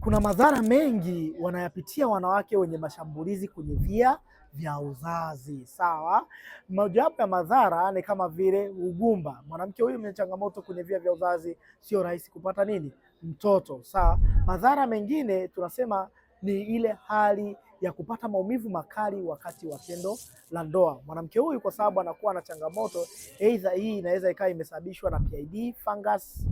kuna madhara mengi wanayapitia wanawake wenye mashambulizi kwenye via vya uzazi sawa. Mojawapo ya madhara ni kama vile ugumba. Mwanamke huyu mwenye changamoto kwenye via vya uzazi sio rahisi kupata nini mtoto, sawa. Madhara mengine tunasema ni ile hali ya kupata maumivu makali wakati wa tendo la ndoa. Mwanamke huyu kwa sababu anakuwa na changamoto, aidha hii inaweza ikawa imesababishwa na PID, fungus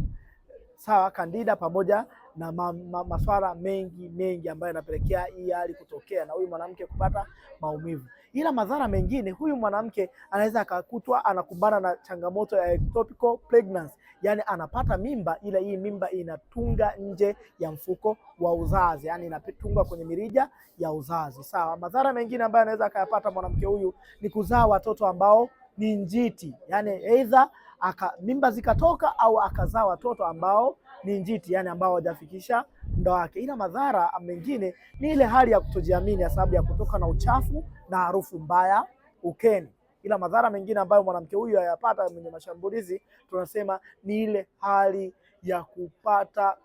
sawa kandida pamoja na ma, ma, masuala mengi mengi ambayo yanapelekea hii hali kutokea na huyu mwanamke kupata maumivu. Ila madhara mengine, huyu mwanamke anaweza akakutwa anakumbana na changamoto ya ectopic pregnancy, yani anapata mimba, ila hii mimba inatunga nje ya mfuko wa uzazi, yani inatunga kwenye mirija ya uzazi. Sawa, madhara mengine ambayo anaweza akayapata mwanamke huyu ni kuzaa watoto ambao ni njiti, yani aidha aka mimba zikatoka au akazaa watoto ambao ni njiti, yani ambao hawajafikisha ndoa wake. Ila madhara mengine ni ile hali ya kutojiamini ya sababu ya kutoka na uchafu na harufu mbaya ukeni. Ila madhara mengine ambayo mwanamke huyu ayapata mwenye mashambulizi, tunasema ni ile hali ya kupata,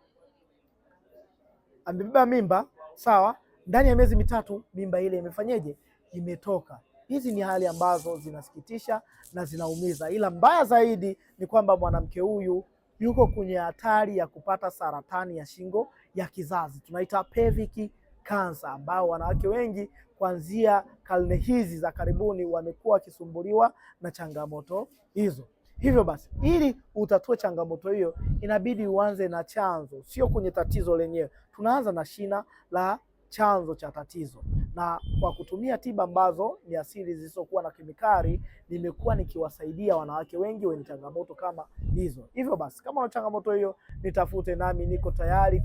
amebeba mimba sawa, ndani ya miezi mitatu mimba ile imefanyeje, imetoka. Hizi ni hali ambazo zinasikitisha na zinaumiza, ila mbaya zaidi ni kwamba mwanamke huyu yuko kwenye hatari ya kupata saratani ya shingo ya kizazi, tunaita pelvic cancer, ambao wanawake wengi kuanzia karne hizi za karibuni wamekuwa wakisumbuliwa na changamoto hizo. Hivyo basi, ili utatue changamoto hiyo, inabidi uanze na chanzo, sio kwenye tatizo lenyewe. Tunaanza na shina la chanzo cha tatizo, na kwa kutumia tiba ambazo ni asili zisizokuwa na kemikali, nimekuwa nikiwasaidia wanawake wengi wenye changamoto kama hizo. Hivyo basi, kama una changamoto hiyo, nitafute nami niko tayari.